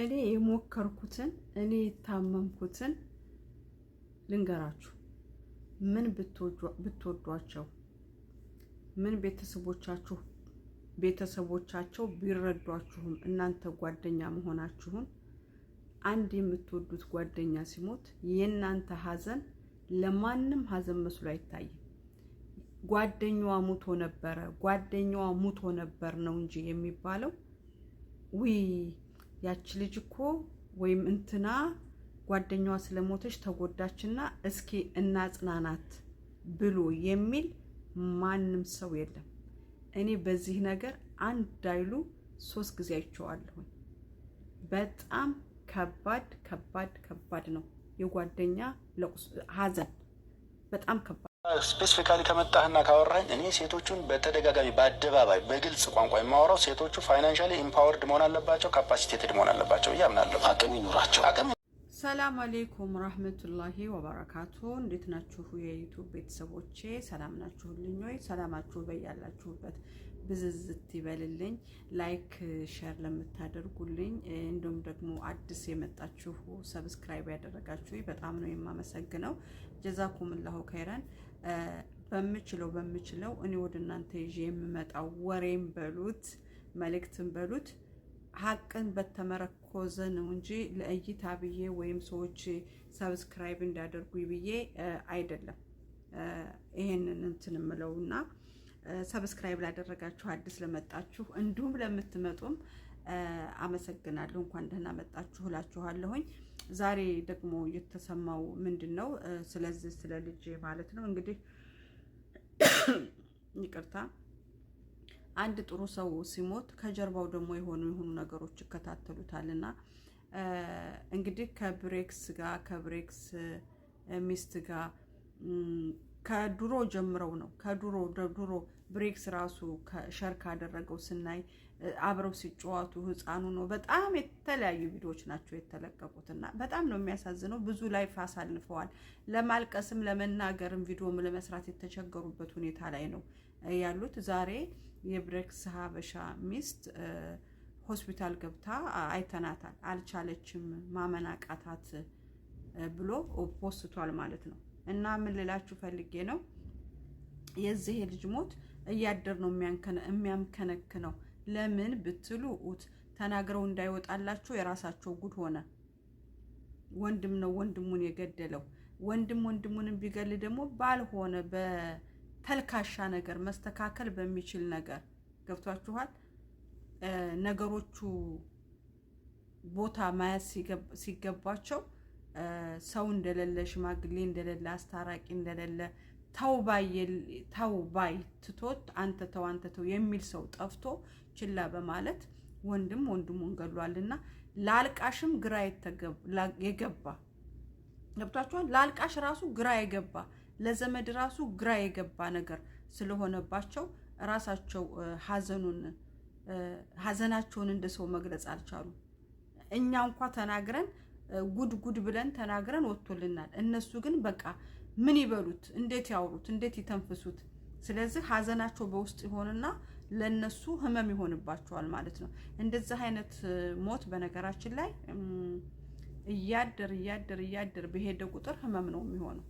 እኔ የሞከርኩትን እኔ የታመምኩትን ልንገራችሁ። ምን ብትወዷቸው፣ ምን ቤተሰቦቻችሁ ቤተሰቦቻቸው ቢረዷችሁም እናንተ ጓደኛ መሆናችሁን አንድ የምትወዱት ጓደኛ ሲሞት የእናንተ ሀዘን ለማንም ሀዘን መስሎ አይታይም። ጓደኛዋ ሙቶ ነበረ ጓደኛዋ ሙቶ ነበር ነው እንጂ የሚባለው ውይ ያቺ ልጅ እኮ ወይም እንትና ጓደኛዋ ስለሞተች ተጎዳችና እስኪ እናጽናናት ብሎ የሚል ማንም ሰው የለም። እኔ በዚህ ነገር አንድ አይሉ ሶስት ጊዜ አይቼዋለሁኝ። በጣም ከባድ ከባድ ከባድ ነው የጓደኛ ሀዘን በጣም ከባድ ስፔሲፊካሊ ከመጣህና ካወራኝ እኔ ሴቶቹን በተደጋጋሚ በአደባባይ በግልጽ ቋንቋ የማወራው ሴቶቹ ፋይናንሻሊ ኢምፓወርድ መሆን አለባቸው፣ ካፓሲቴትድ መሆን አለባቸው እያምናለሁ። አቅም ይኑራቸው። አቅም ሰላም አሌይኩም ረህመቱላሂ ወበረካቱ። እንዴት ናችሁ የዩቱብ ቤተሰቦቼ? ሰላም ናችሁልኝ ወይ? ሰላማችሁ በያላችሁበት ብዝዝት ይበልልኝ። ላይክ ሸር ለምታደርጉልኝ እንዲሁም ደግሞ አዲስ የመጣችሁ ሰብስክራይብ ያደረጋችሁ በጣም ነው የማመሰግነው። ጀዛኩምላሁ ከይረን በምችለው በምችለው እኔ ወደ እናንተ ይዤ የምመጣው ወሬም በሉት መልእክትን በሉት ሀቅን በተመረኮዘ ነው እንጂ ለእይታ ብዬ ወይም ሰዎች ሰብስክራይብ እንዲያደርጉ ብዬ አይደለም። ይሄንን እንትን ምለውና ሰብስክራይብ ላደረጋችሁ አዲስ ለመጣችሁ እንዲሁም ለምትመጡም አመሰግናለሁ። እንኳን ደህና መጣችሁ እላችኋለሁኝ። ዛሬ ደግሞ የተሰማው ምንድን ነው? ስለዚህ ስለ ልጅ ማለት ነው እንግዲህ ይቅርታ አንድ ጥሩ ሰው ሲሞት ከጀርባው ደግሞ የሆኑ የሆኑ ነገሮች ይከታተሉታል እንግዲህ ከብሬክስ ጋር ከብሬክስ ሚስት ጋር ከድሮ ጀምረው ነው ከድሮ ድሮ ብሬክስ ራሱ ሸር ካደረገው ስናይ አብረው ሲጫወቱ ህፃኑ ነው። በጣም የተለያዩ ቪዲዮዎች ናቸው የተለቀቁትና በጣም ነው የሚያሳዝነው። ብዙ ላይፍ አሳልፈዋል። ለማልቀስም ለመናገርም ቪዲዮም ለመስራት የተቸገሩበት ሁኔታ ላይ ነው ያሉት። ዛሬ የብሬክስ ሀበሻ ሚስት ሆስፒታል ገብታ አይተናታል። አልቻለችም፣ ማመናቃታት ብሎ ፖስቷል ማለት ነው። እና ምን ልላችሁ ፈልጌ ነው የዚህ ልጅ ሞት እያደር ነው ነው። ለምን ብትሉ ኡት ተናግረው እንዳይወጣላቸው የራሳቸው ጉድ ሆነ። ወንድም ነው ወንድሙን የገደለው። ወንድም ወንድሙንም ቢገል ደግሞ ባልሆነ በተልካሻ ነገር መስተካከል በሚችል ነገር ገብቷችኋል። ነገሮቹ ቦታ ማየት ሲገባቸው ሰው እንደሌለ፣ ሽማግሌ እንደሌለ፣ አስታራቂ እንደሌለ፣ ተው ባይ ትቶት አንተ ተው አንተ ተው የሚል ሰው ጠፍቶ ችላ በማለት ወንድም ወንድሙን ገሏልና ለአልቃሽም ግራ የገባ ገብቷችኋል። ለአልቃሽ ራሱ ግራ የገባ ለዘመድ ራሱ ግራ የገባ ነገር ስለሆነባቸው ራሳቸው ሀዘኑን ሀዘናቸውን እንደ ሰው መግለጽ አልቻሉ። እኛ እንኳ ተናግረን ጉድ ጉድ ብለን ተናግረን ወጥቶልናል። እነሱ ግን በቃ ምን ይበሉት? እንዴት ያውሩት? እንዴት ይተንፍሱት? ስለዚህ ሀዘናቸው በውስጥ ይሆንና ለነሱ ህመም ይሆንባቸዋል ማለት ነው። እንደዚህ አይነት ሞት በነገራችን ላይ እያደር እያደር እያደር በሄደ ቁጥር ህመም ነው የሚሆነው።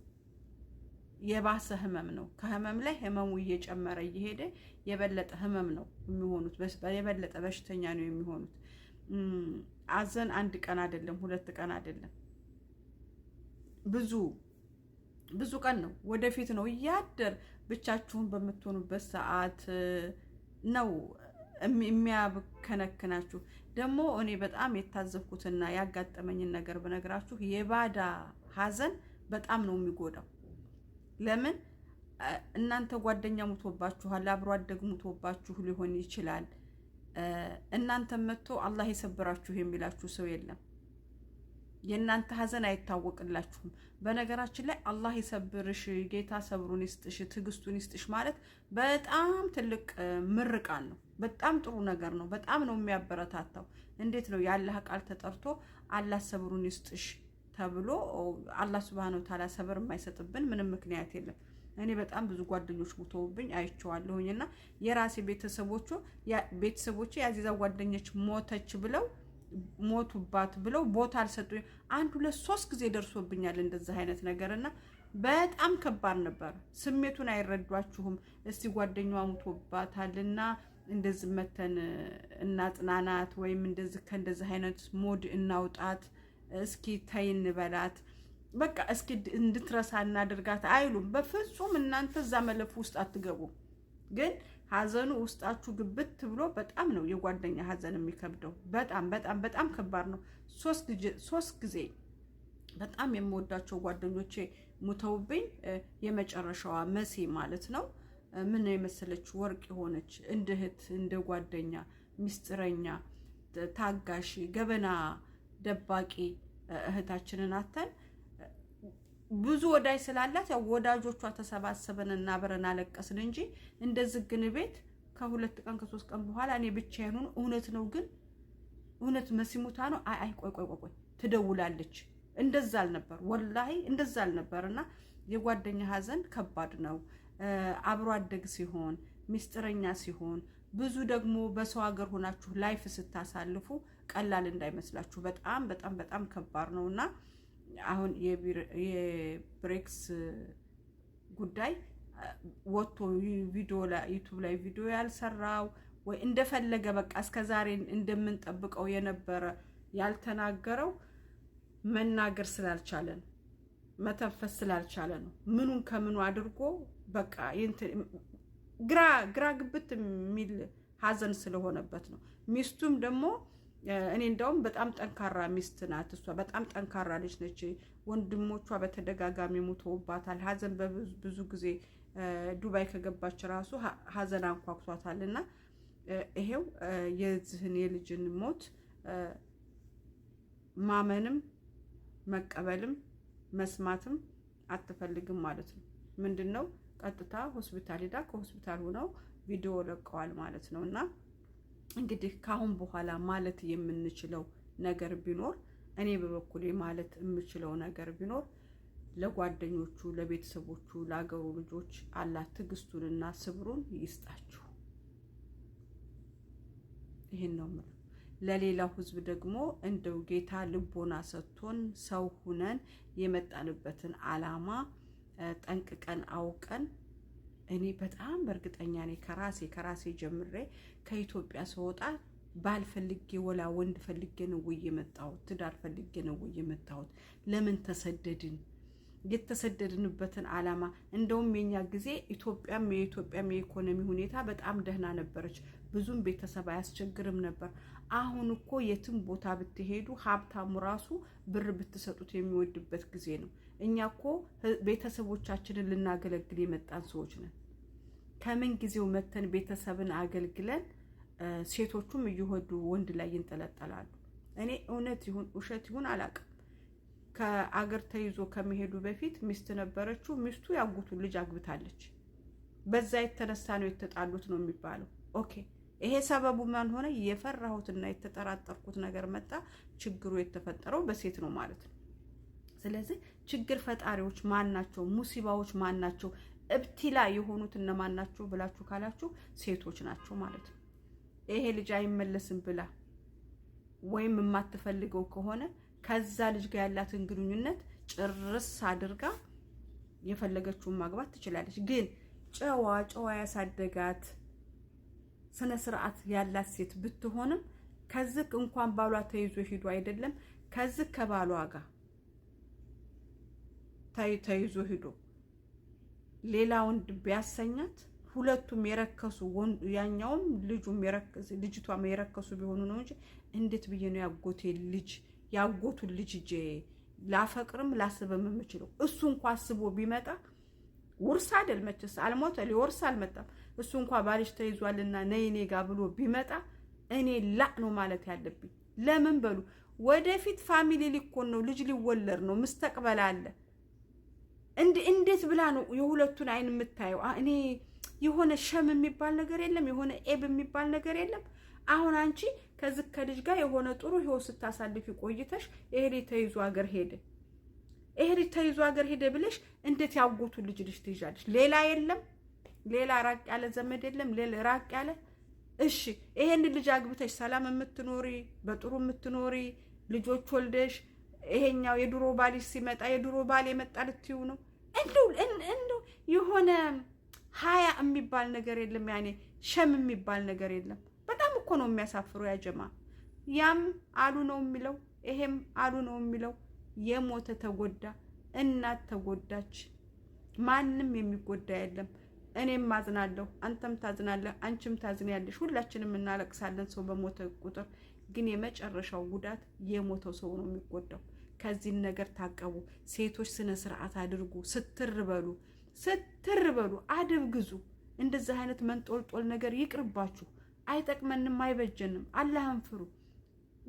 የባሰ ህመም ነው። ከህመም ላይ ህመሙ እየጨመረ እየሄደ የበለጠ ህመም ነው የሚሆኑት። የበለጠ በሽተኛ ነው የሚሆኑት። አዘን አንድ ቀን አይደለም፣ ሁለት ቀን አይደለም፣ ብዙ ብዙ ቀን ነው ወደፊት ነው እያደር ብቻችሁን በምትሆኑበት ሰዓት ነው የሚያብከነክናችሁ። ደግሞ እኔ በጣም የታዘብኩትና ያጋጠመኝን ነገር ብነግራችሁ የባዳ ሀዘን በጣም ነው የሚጎዳው። ለምን እናንተ ጓደኛ ሙቶባችኋል፣ አብሮ አደግ ሙቶባችሁ ሊሆን ይችላል። እናንተ መጥቶ አላህ የሰብራችሁ የሚላችሁ ሰው የለም። የእናንተ ሀዘን አይታወቅላችሁም። በነገራችን ላይ አላህ ይሰብርሽ፣ ጌታ ሰብሩን ይስጥሽ፣ ትዕግስቱን ይስጥሽ ማለት በጣም ትልቅ ምርቃን ነው። በጣም ጥሩ ነገር ነው። በጣም ነው የሚያበረታታው። እንዴት ነው የአላህ ቃል ተጠርቶ አላህ ሰብሩን ይስጥሽ ተብሎ አላህ ስብሃነ ወተዓላ ሰብር የማይሰጥብን ምንም ምክንያት የለም። እኔ በጣም ብዙ ጓደኞች ሞተውብኝ አይቼዋለሁኝ እና የራሴ ቤተሰቦቹ ቤተሰቦቼ የአዚዛ ጓደኞች ሞተች ብለው ሞቱባት ብለው ቦታ አልሰጡ። አንድ ሁለት ሶስት ጊዜ ደርሶብኛል እንደዚህ አይነት ነገር እና በጣም ከባድ ነበር። ስሜቱን አይረዷችሁም። እስቲ ጓደኛዋ ሙቶባታል እና እንደዚህ መተን እናጥናናት ወይም እንደዚህ ከእንደዚህ አይነት ሞድ እናውጣት፣ እስኪ ተይ እንበላት፣ በቃ እስኪ እንድትረሳ እናድርጋት አይሉም። በፍጹም እናንተ እዛ መለፍ ውስጥ አትገቡም ግን ሀዘኑ ውስጣችሁ ግብት ብሎ በጣም ነው የጓደኛ ሀዘን የሚከብደው። በጣም በጣም በጣም ከባድ ነው። ሶስት ጊዜ በጣም የምወዳቸው ጓደኞቼ ሙተውብኝ የመጨረሻዋ መሴ ማለት ነው ምን የመሰለች ወርቅ የሆነች እንደ እህት እንደ ጓደኛ ሚስጥረኛ ታጋሺ ገበና ደባቂ እህታችንን አተን ብዙ ወዳጅ ስላላት ያው ወዳጆቿ ተሰባሰበን እና አብረን አለቀስን እንጂ እንደዚህ ዝግን ቤት ከሁለት ቀን ከሶስት ቀን በኋላ እኔ ብቻዬን ሆኖ እውነት ነው ግን እውነት መሲሙታ ነው። አይ አይ ቆይ ቆይ ቆይ ትደውላለች። እንደዛ አልነበር ወላሂ እንደዛ አልነበር። እና የጓደኛ ሀዘን ከባድ ነው። አብሮ አደግ ሲሆን ሚስጥረኛ ሲሆን ብዙ ደግሞ በሰው ሀገር ሆናችሁ ላይፍ ስታሳልፉ ቀላል እንዳይመስላችሁ በጣም በጣም በጣም ከባድ ነው እና አሁን የብሬክስ ጉዳይ ወጥቶ ቪዲዮ ዩቱብ ላይ ቪዲዮ ያልሰራው ወይ እንደፈለገ በቃ እስከ ዛሬ እንደምንጠብቀው የነበረ ያልተናገረው መናገር ስላልቻለ ነው፣ መተንፈስ ስላልቻለ ነው። ምኑን ከምኑ አድርጎ በቃ ግራ ግራ ግብት የሚል ሀዘን ስለሆነበት ነው። ሚስቱም ደግሞ እኔ እንደውም በጣም ጠንካራ ሚስት ናት። እሷ በጣም ጠንካራ ልጅ ነች። ወንድሞቿ በተደጋጋሚ ሞተውባታል። ሀዘን በብዙ ጊዜ ዱባይ ከገባች ራሱ ሀዘን አንኳኩቷታል። እና ይሄው የዚህን የልጅን ሞት ማመንም መቀበልም መስማትም አትፈልግም ማለት ነው። ምንድን ነው ቀጥታ ሆስፒታል ሄዳ ከሆስፒታል ሆነው ቪዲዮ ለቀዋል ማለት ነው እና እንግዲህ ከአሁን በኋላ ማለት የምንችለው ነገር ቢኖር እኔ በበኩሌ ማለት የምችለው ነገር ቢኖር ለጓደኞቹ፣ ለቤተሰቦቹ፣ ለአገሩ ልጆች አላ ትዕግስቱንና ስብሩን ይስጣችሁ። ይህን ነው የምለው። ለሌላው ህዝብ ደግሞ እንደው ጌታ ልቦና ሰጥቶን ሰው ሁነን የመጣንበትን አላማ ጠንቅቀን አውቀን እኔ በጣም በእርግጠኛ ነኝ ከራሴ ከራሴ ጀምሬ ከኢትዮጵያ ስወጣ ባል ፈልጌ ወላ ወንድ ፈልጌ ነው ወይ የመጣሁት? ትዳር ፈልጌ ነው ወይ የመጣሁት? ለምን ተሰደድን? የተሰደድንበትን ዓላማ እንደውም የኛ ጊዜ ኢትዮጵያም የኢትዮጵያም የኢኮኖሚ ሁኔታ በጣም ደህና ነበረች። ብዙም ቤተሰብ አያስቸግርም ነበር። አሁን እኮ የትም ቦታ ብትሄዱ ሀብታሙ ራሱ ብር ብትሰጡት የሚወድበት ጊዜ ነው። እኛ እኮ ቤተሰቦቻችንን ልናገለግል የመጣን ሰዎች ነን። ከምን ጊዜው መተን ቤተሰብን አገልግለን ሴቶቹም እየሆዱ ወንድ ላይ ይንጠለጠላሉ። እኔ እውነት ይሁን ውሸት ይሁን አላቅም። ከአገር ተይዞ ከመሄዱ በፊት ሚስት ነበረችው። ሚስቱ ያጉቱ ልጅ አግብታለች። በዛ የተነሳ ነው የተጣሉት ነው የሚባለው። ኦኬ ይሄ ሰበቡ ማን ሆነ? የፈራሁትና የተጠራጠርኩት ነገር መጣ። ችግሩ የተፈጠረው በሴት ነው ማለት ነው። ስለዚህ ችግር ፈጣሪዎች ማን ናቸው? ሙሲባዎች ማን ናቸው? እብቲላ የሆኑት እነማን ናችሁ ብላችሁ ካላችሁ ሴቶች ናቸው ማለት ነው። ይሄ ልጅ አይመለስም ብላ ወይም የማትፈልገው ከሆነ ከዛ ልጅ ጋር ያላትን ግንኙነት ጭርስ አድርጋ የፈለገችውን ማግባት ትችላለች። ግን ጨዋ ጨዋ ያሳደጋት ስነ ስርዓት ያላት ሴት ብትሆንም ከዚህ እንኳን ባሏ ተይዞ ሂዶ አይደለም ከዚህ ከባሏ ጋር ተይዞ ሂዶ ሌላ ወንድ ቢያሰኛት ሁለቱም የረከሱ ወንዱ ያኛውም ልጁም ልጅቷም የረከሱ ቢሆኑ ነው እንጂ እንዴት ብዬ ነው ያጎቴ ልጅ ያጎቱ ልጅ እጄ ላፈቅርም ላስብም የምችለው? እሱ እንኳ አስቦ ቢመጣ ውርስ አይደል መችስ አልሞተ ሊወርስ አልመጣም። እሱ እንኳ ባልሽ ተይዟልና ነይ እኔ ጋ ብሎ ቢመጣ እኔ ላቅ ነው ማለት ያለብኝ። ለምን በሉ ወደፊት ፋሚሊ ሊኮን ነው፣ ልጅ ሊወለድ ነው፣ ምስተቅበል አለ እንዴት ብላ ነው የሁለቱን አይን የምታየው? እኔ የሆነ ሸም የሚባል ነገር የለም፣ የሆነ ኤብ የሚባል ነገር የለም። አሁን አንቺ ከዚህ ከልጅ ጋር የሆነ ጥሩ ህይወት ስታሳልፊ ቆይተሽ ይሄ ልጅ ተይዞ ሀገር ሄደ፣ ይሄ ልጅ ተይዞ ሀገር ሄደ ብለሽ እንዴት ያጎቱ ልጅ ልጅ ትይዣለሽ? ሌላ የለም፣ ሌላ ራቅ ያለ ዘመድ የለም፣ ሌላ ራቅ ያለ እሺ። ይሄን ልጅ አግብተሽ ሰላም የምትኖሪ በጥሩ የምትኖሪ ልጆች ወልደሽ ይሄኛው የድሮ ባልሽ ሲመጣ የድሮ ባል የመጣ ልትዩ ነው። እንደው እንደው የሆነ ሀያ የሚባል ነገር የለም። ያኔ ሸም የሚባል ነገር የለም። በጣም እኮ ነው የሚያሳፍሩ ያጀማ። ያም አሉ ነው የሚለው ይሄም አሉ ነው የሚለው። የሞተ ተጎዳ፣ እናት ተጎዳች። ማንም የሚጎዳ የለም። እኔም አዝናለሁ፣ አንተም ታዝናለህ፣ አንቺም ታዝኛለሽ፣ ሁላችንም እናለቅሳለን ሰው በሞተ ቁጥር። ግን የመጨረሻው ጉዳት የሞተው ሰው ነው የሚጎዳው። ከዚህ ነገር ታቀቡ። ሴቶች ስነ ስርዓት አድርጉ። ስትር በሉ፣ ስትር በሉ፣ አደብ ግዙ። እንደዚህ አይነት መንጦልጦል ነገር ይቅርባችሁ። አይጠቅመንም፣ አይበጀንም። አላህን ፍሩ።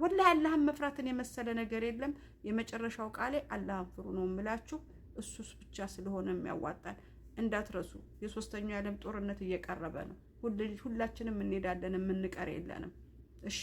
ወላሂ አላህን መፍራትን የመሰለ ነገር የለም። የመጨረሻው ቃሌ አላህን ፍሩ ነው የምላችሁ። እሱስ ብቻ ስለሆነ የሚያዋጣን እንዳትረሱ። የሶስተኛው የዓለም ጦርነት እየቀረበ ነው። ሁላችንም እንሄዳለን፣ የምንቀር የለንም። እሺ